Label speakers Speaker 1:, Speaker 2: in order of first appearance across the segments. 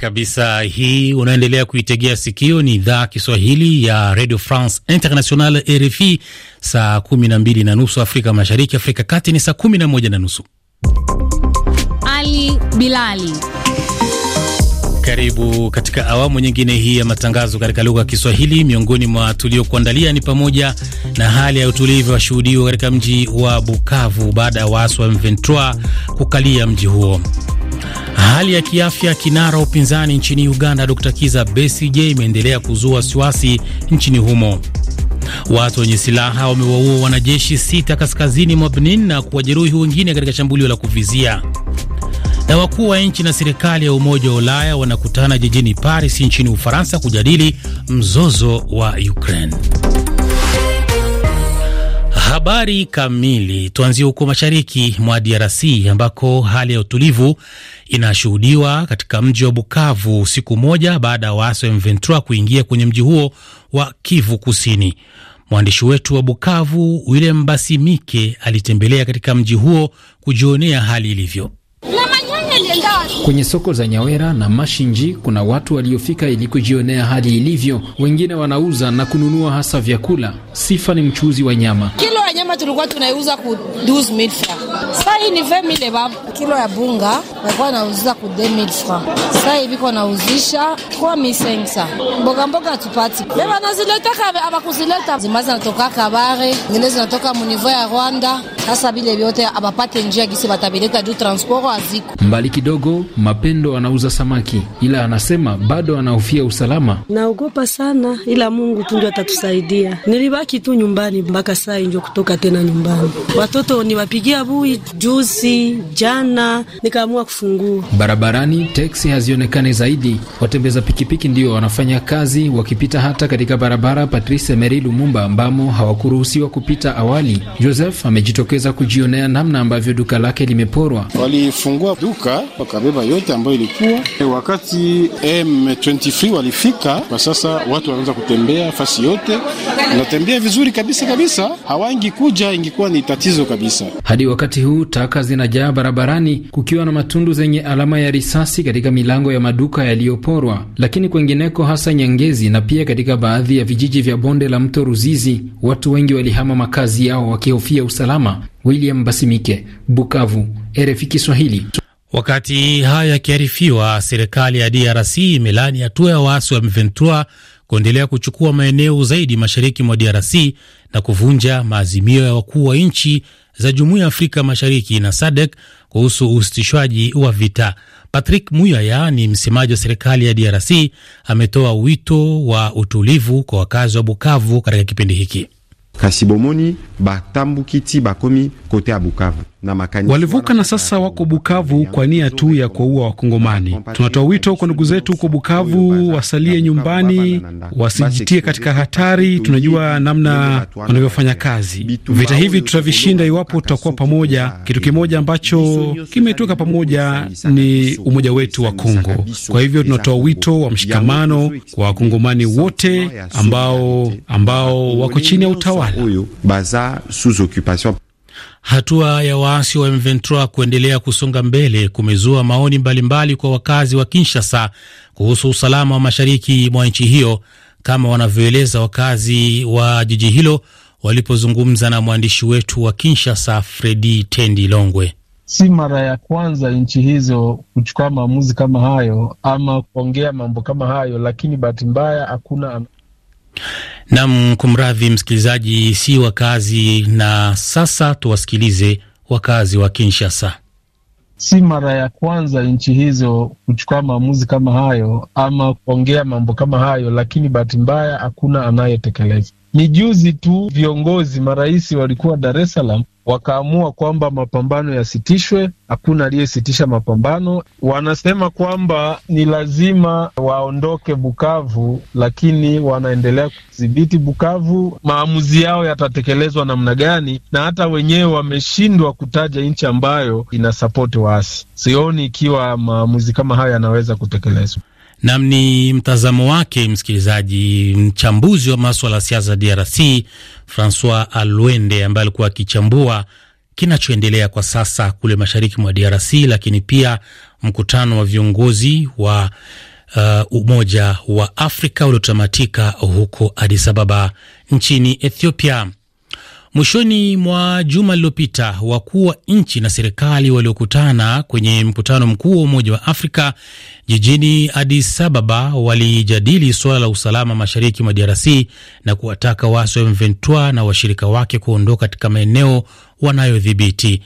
Speaker 1: kabisa. Hii unaendelea kuitegea sikio, ni idhaa Kiswahili ya Radio France International, RFI. Saa kumi na mbili na nusu Afrika Mashariki, Afrika Kati ni saa kumi na moja na nusu.
Speaker 2: Ali Bilali
Speaker 1: karibu katika awamu nyingine hii ya matangazo katika lugha ya Kiswahili. Miongoni mwa tuliokuandalia ni pamoja na hali ya utulivu washuhudiwa katika mji wa Bukavu baada ya waasi wa M23 kukalia mji huo. Hali ya kiafya kinara upinzani nchini Uganda Dr. Kiza Besigye imeendelea kuzua wasiwasi nchini humo. Watu wenye silaha wamewaua wanajeshi sita kaskazini mwa Benin na kuwajeruhi wengine katika shambulio la kuvizia. Na wakuu wa nchi na serikali ya Umoja wa Ulaya wanakutana jijini Paris nchini Ufaransa kujadili mzozo wa Ukraine. Habari kamili. Tuanzie huko mashariki mwa DRC ambako hali ya utulivu inashuhudiwa katika mji wa Bukavu siku moja baada ya waasi wa M23 kuingia kwenye mji huo wa Kivu Kusini. Mwandishi wetu wa Bukavu william Basimike alitembelea katika mji huo kujionea hali ilivyo.
Speaker 3: Kwenye soko za Nyawera na Mashinji
Speaker 1: kuna watu waliofika ili kujionea hali ilivyo.
Speaker 3: Wengine wanauza na kununua hasa vyakula. Sifa ni mchuuzi wa nyama
Speaker 2: Kilo tulikuwa
Speaker 4: tunaiuza ku 12 francs sasa hii ni vemile ba Kilo ya bunga walikuwa nauziza ku 2000 francs. Sasa hivi kwa nauzisha kwa 1500. Mboga mboga tupati.
Speaker 1: Beba nazileta ama kuzileta Zimaza natoka Kabare, ngine zinatoka munivo ya
Speaker 4: Rwanda. Sasa bile vyote abapate njia gisi batabileta du transport aziko.
Speaker 3: Mbali kidogo Mapendo anauza samaki ila anasema bado anahofia usalama.
Speaker 4: Naogopa sana ila Mungu tu ndio atatusaidia. Nilibaki tu nyumbani mpaka saa ndio kutoka tena nyumbani. Watoto ni wapigia bui asubuhi juzi jana nikaamua kufungua
Speaker 3: barabarani. Teksi hazionekani zaidi, watembeza pikipiki ndio wanafanya kazi wakipita hata katika barabara Patrice Emery Lumumba ambamo hawakuruhusiwa kupita awali. Joseph amejitokeza kujionea namna ambavyo duka lake limeporwa.
Speaker 5: Walifungua duka wakabeba yote ambayo ilikuwa wakati M23 walifika. Kwa sasa watu wanaanza kutembea fasi yote, natembea vizuri kabisa kabisa, hawangi kuja, ingekuwa ni tatizo kabisa
Speaker 3: hadi wakati Wakati huu taka zinajaa barabarani, kukiwa na matundu zenye alama ya risasi katika milango ya maduka yaliyoporwa. Lakini kwengineko, hasa Nyangezi na pia katika baadhi ya vijiji vya bonde la mto Ruzizi, watu wengi walihama makazi yao wakihofia usalama. William Basimike, Bukavu, RFI Kiswahili.
Speaker 1: Wakati haya yakiarifiwa, serikali ya DRC imelani hatua ya waasi wa M23 kuendelea kuchukua maeneo zaidi mashariki mwa DRC na kuvunja maazimio ya wakuu wa nchi za Jumuiya ya Afrika Mashariki na SADC kuhusu usitishwaji wa vita. Patrick Muyaya ni msemaji wa serikali ya DRC, ametoa wito wa utulivu kwa wakazi wa Bukavu katika kipindi hiki.
Speaker 6: kasi bomoni batambukiti bakomi kote ya Bukavu na walivuka na sasa wako Bukavu kwa nia tu ya kuwaua Wakongomani. Tunatoa wito kwa ndugu zetu huko Bukavu wasalie nyumbani, wasijitie katika hatari. Tunajua namna wanavyofanya kazi. Vita hivi tutavishinda iwapo tutakuwa pamoja. Kitu kimoja ambacho kimetuweka pamoja ni umoja wetu wa Kongo. Kwa hivyo tunatoa wito wa mshikamano kwa Wakongomani wote
Speaker 1: ambao ambao wako chini ya utawala Hatua ya waasi wa M23 kuendelea kusonga mbele kumezua maoni mbalimbali mbali kwa wakazi wa Kinshasa kuhusu usalama wa mashariki mwa nchi hiyo, kama wanavyoeleza wakazi wa jiji hilo walipozungumza na mwandishi wetu wa Kinshasa, Fredi Tendi Longwe.
Speaker 5: Si mara ya kwanza nchi hizo kuchukua maamuzi kama hayo ama kuongea mambo kama hayo, lakini bahati mbaya hakuna
Speaker 1: Nam, kumradhi msikilizaji, si wakazi. Na sasa tuwasikilize wakazi wa Kinshasa.
Speaker 5: Si mara ya kwanza nchi hizo kuchukua maamuzi kama hayo ama kuongea mambo kama hayo, lakini bahati mbaya hakuna anayetekeleza. Ni juzi tu viongozi marais walikuwa Dar es Salaam wakaamua kwamba mapambano yasitishwe. Hakuna aliyesitisha mapambano. Wanasema kwamba ni lazima waondoke Bukavu, lakini wanaendelea kudhibiti Bukavu. Maamuzi yao yatatekelezwa namna gani? Na hata wenyewe wameshindwa kutaja nchi ambayo inasapoti waasi. Sioni ikiwa maamuzi kama hayo yanaweza kutekelezwa.
Speaker 1: Nam ni mtazamo wake msikilizaji, mchambuzi wa maswala ya siasa DRC Francois Alwende ambaye alikuwa akichambua kinachoendelea kwa sasa kule mashariki mwa DRC, lakini pia mkutano wa viongozi wa uh, Umoja wa Afrika uliotamatika huko Addis Ababa nchini Ethiopia. Mwishoni mwa juma lililopita wakuu wa nchi na serikali waliokutana kwenye mkutano mkuu wa Umoja wa Afrika jijini Addis Ababa walijadili suala la usalama mashariki mwa DRC na kuwataka waasi wa M23 na washirika wake kuondoka katika maeneo wanayodhibiti.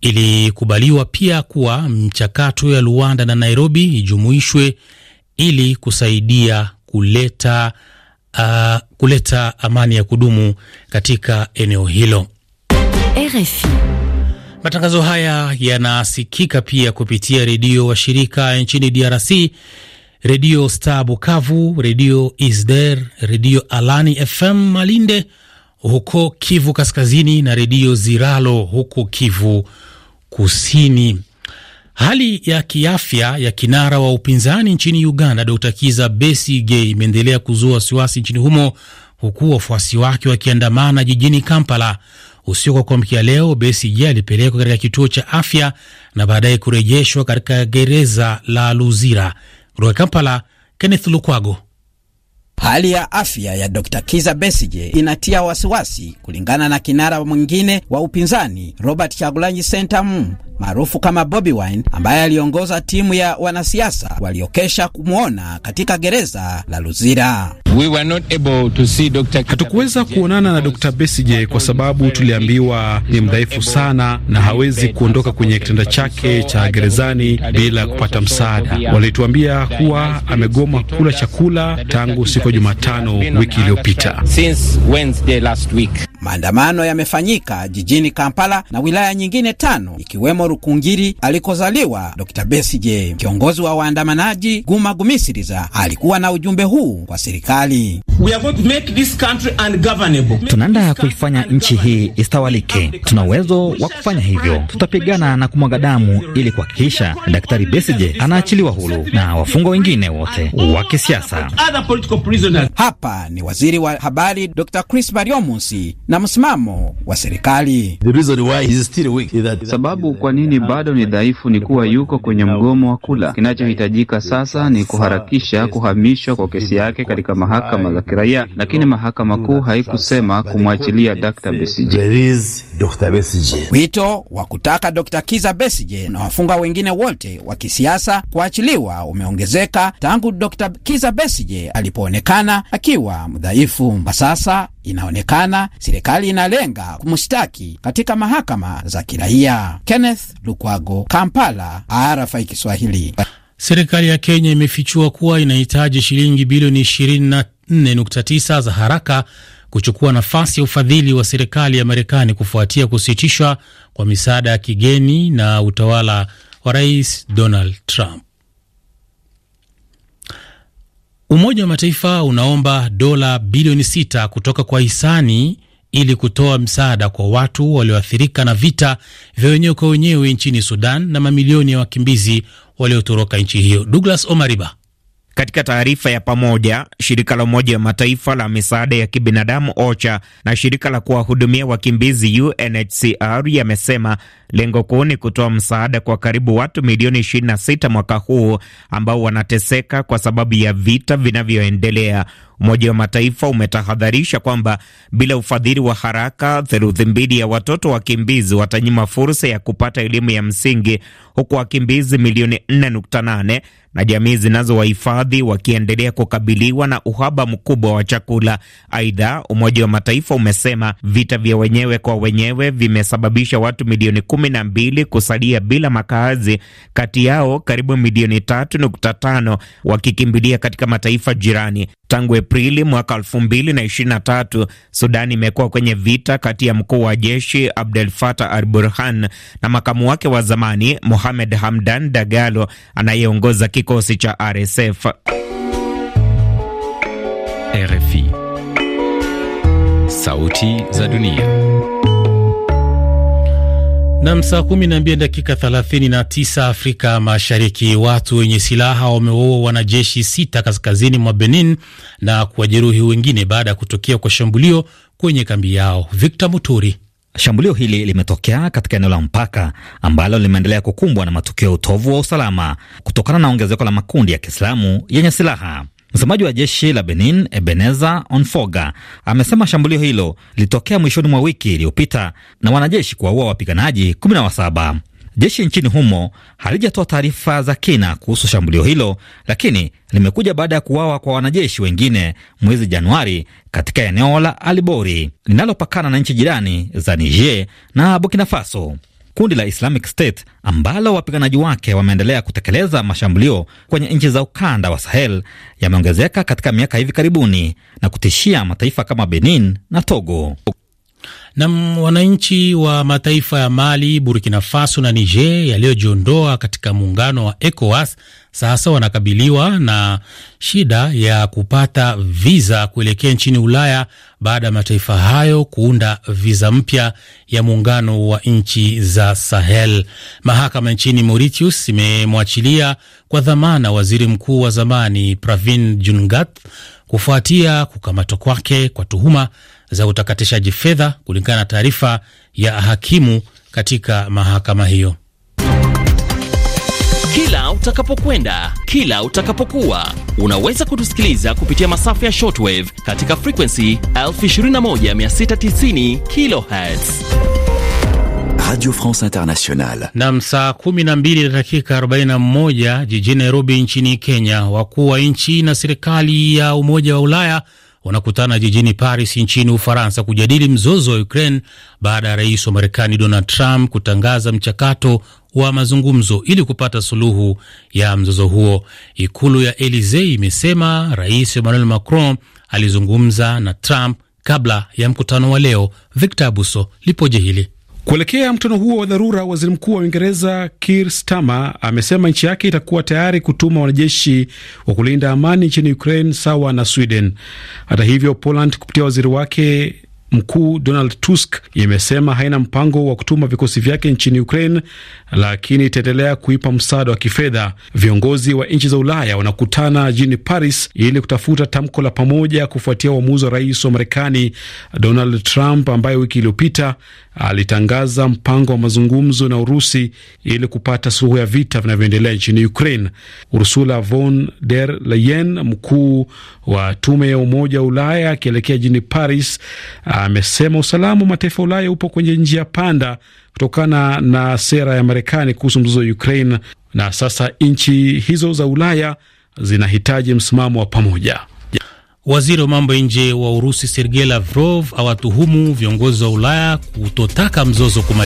Speaker 1: Ilikubaliwa pia kuwa mchakato ya Luanda na Nairobi ijumuishwe ili kusaidia kuleta uh, kuleta amani ya kudumu katika eneo hilo. RFI. Matangazo haya yanasikika pia kupitia redio wa shirika nchini DRC, Redio Star Bukavu, Redio Isder, Redio Alani FM Malinde huko Kivu Kaskazini na Redio Ziralo huko Kivu Kusini. Hali ya kiafya ya kinara wa upinzani nchini Uganda, Dr Kiza Besigye, imeendelea kuzua wasiwasi nchini humo huku wafuasi wake wakiandamana jijini Kampala. Usiku wa kuamkia leo, Besigye alipelekwa katika kituo cha afya na baadaye kurejeshwa katika gereza la Luzira. Kutoka Kampala, Kenneth Lukwago. Hali ya
Speaker 2: afya ya Dr Kiza Besige inatia wasiwasi, kulingana na kinara mwingine wa upinzani Robert Chagulanyi Sentamu maarufu kama Bobi Wine ambaye aliongoza timu ya wanasiasa waliokesha kumwona katika gereza la Luzira.
Speaker 6: Hatukuweza kuonana na Dr. besije kwa sababu tuliambiwa ni mdhaifu sana na hawezi kuondoka kwenye kitanda chake cha gerezani bila kupata msaada. Walituambia kuwa amegoma kula chakula tangu siku ya Jumatano
Speaker 5: wiki iliyopita.
Speaker 2: Maandamano yamefanyika jijini Kampala na wilaya nyingine tano ikiwemo Rukungiri alikozaliwa Dr. Besigye. Kiongozi wa waandamanaji Guma Gumisiriza alikuwa na ujumbe huu kwa serikali:
Speaker 4: tunaenda kuifanya nchi hii istawalike. Tuna uwezo wa kufanya hivyo, tutapigana na kumwaga damu ili kuhakikisha Daktari Besigye anaachiliwa huru na wafungwa wengine wote wa kisiasa.
Speaker 2: Hapa ni waziri wa habari Dr. Chris Bariomusi na na msimamo wa serikali.
Speaker 4: Sababu kwa nini bado ni dhaifu ni kuwa yuko kwenye mgomo wa kula. Kinachohitajika sasa ni kuharakisha kuhamishwa kwa kesi yake katika mahakama za kiraia, lakini mahakama kuu haikusema kumwachilia Dr. Besigye.
Speaker 2: Wito wa kutaka Dr. Kiza Besigye na wafunga wengine wote wa kisiasa kuachiliwa umeongezeka tangu Dr. Kiza Besigye alipoonekana akiwa mdhaifu. Kwa sasa inaonekana sire serikali inalenga kumshtaki katika mahakama za kiraia. Kenneth Lukwago, Kampala, RFI Kiswahili.
Speaker 1: Serikali ya Kenya imefichua kuwa inahitaji shilingi bilioni 24.9 za haraka kuchukua nafasi ya ufadhili wa serikali ya Marekani kufuatia kusitishwa kwa misaada ya kigeni na utawala wa Rais Donald Trump. Umoja wa Mataifa unaomba dola bilioni sita kutoka kwa hisani ili kutoa msaada kwa watu walioathirika na vita vya wenyewe kwa wenyewe nchini Sudan na mamilioni ya wakimbizi waliotoroka nchi hiyo. Douglas Omariba.
Speaker 7: Katika taarifa ya pamoja, shirika la Umoja wa Mataifa la misaada ya kibinadamu OCHA na shirika la kuwahudumia wakimbizi UNHCR yamesema lengo kuu ni kutoa msaada kwa karibu watu milioni 26 mwaka huu ambao wanateseka kwa sababu ya vita vinavyoendelea Umoja wa Mataifa umetahadharisha kwamba bila ufadhili wa haraka, theluthi mbili ya watoto wakimbizi watanyima fursa ya kupata elimu ya msingi, huku wakimbizi milioni 4.8 na jamii zinazowahifadhi wakiendelea kukabiliwa na uhaba mkubwa wa chakula. Aidha, Umoja wa Mataifa umesema vita vya wenyewe kwa wenyewe vimesababisha watu milioni 12 kusalia bila makazi, kati yao karibu milioni 3.5 wakikimbilia katika mataifa jirani. Tangu Aprili mwaka 2023 Sudan imekuwa kwenye vita kati ya mkuu wa jeshi Abdel Fattah al Burhan na makamu wake wa zamani Mohamed Hamdan Dagalo anayeongoza kikosi cha RSF. RFI, Sauti za Dunia.
Speaker 1: Nam, saa 12 dakika 39 Afrika Mashariki. Watu wenye silaha wamewaua wanajeshi sita kaskazini mwa Benin na kuwajeruhi
Speaker 4: wengine baada ya kutokea kwa shambulio kwenye kambi yao. Victor Muturi. Shambulio hili limetokea katika eneo la mpaka ambalo limeendelea kukumbwa na matukio ya utovu wa usalama kutokana na ongezeko la makundi ya Kiislamu yenye silaha. Msemaji wa jeshi la Benin, Ebeneza Onfoga, amesema shambulio hilo lilitokea mwishoni mwa wiki iliyopita na wanajeshi kuwaua wapiganaji 17. Jeshi nchini humo halijatoa taarifa za kina kuhusu shambulio hilo, lakini limekuja baada ya kuwawa kwa wanajeshi wengine mwezi Januari katika eneo la Alibori linalopakana na nchi jirani za Niger na Burkina Faso kundi la Islamic State ambalo wapiganaji wake wameendelea kutekeleza mashambulio kwenye nchi za ukanda wa Sahel yameongezeka katika miaka hivi karibuni na kutishia mataifa kama Benin na Togo.
Speaker 1: Na wananchi wa mataifa ya Mali, Burkina Faso na Niger yaliyojiondoa katika muungano wa ECOWAS sasa wanakabiliwa na shida ya kupata viza kuelekea nchini Ulaya baada ya mataifa hayo kuunda viza mpya ya muungano wa nchi za Sahel. Mahakama nchini Mauritius imemwachilia kwa dhamana waziri mkuu wa zamani Pravin jungat kufuatia kukamatwa kwake kwa tuhuma za utakatishaji fedha, kulingana na taarifa ya hakimu katika mahakama hiyo. Kila utakapokwenda, kila utakapokuwa, unaweza kutusikiliza kupitia masafa ya shortwave katika frequency 21690 kilohertz. Radio France International. Nam, saa 12 na dakika 41 jijini Nairobi nchini Kenya. Wakuu wa nchi na serikali ya Umoja wa Ulaya wanakutana jijini Paris nchini Ufaransa kujadili mzozo wa Ukraine baada ya rais wa Marekani Donald Trump kutangaza mchakato wa mazungumzo ili kupata suluhu ya mzozo huo. Ikulu ya Elisee imesema rais Emmanuel Macron alizungumza na Trump kabla ya mkutano wa leo. Victor Abuso lipoje hili
Speaker 6: Kuelekea mkutano huo wa dharura, waziri mkuu wa Uingereza Keir Starmer amesema nchi yake itakuwa tayari kutuma wanajeshi wa kulinda amani nchini Ukraine sawa na Sweden. Hata hivyo, Poland kupitia waziri wake mkuu Donald Tusk imesema haina mpango wa kutuma vikosi vyake nchini Ukraine, lakini itaendelea kuipa msaada wa kifedha. Viongozi wa nchi za Ulaya wanakutana jijini Paris ili kutafuta tamko la pamoja kufuatia uamuzi wa rais wa Marekani Donald Trump ambaye wiki iliyopita alitangaza mpango wa mazungumzo na Urusi ili kupata suluhu ya vita vinavyoendelea nchini Ukraine. Ursula von der Leyen, mkuu wa tume ya Umoja wa Ulaya, akielekea jijini Paris amesema usalama wa mataifa Ulaya upo kwenye njia panda kutokana na sera ya Marekani kuhusu mzozo wa Ukraine, na sasa nchi hizo za Ulaya zinahitaji msimamo wa pamoja.
Speaker 1: Waziri wa mambo ya nje
Speaker 4: wa Urusi Sergei Lavrov awatuhumu viongozi wa Ulaya kutotaka mzozo kuma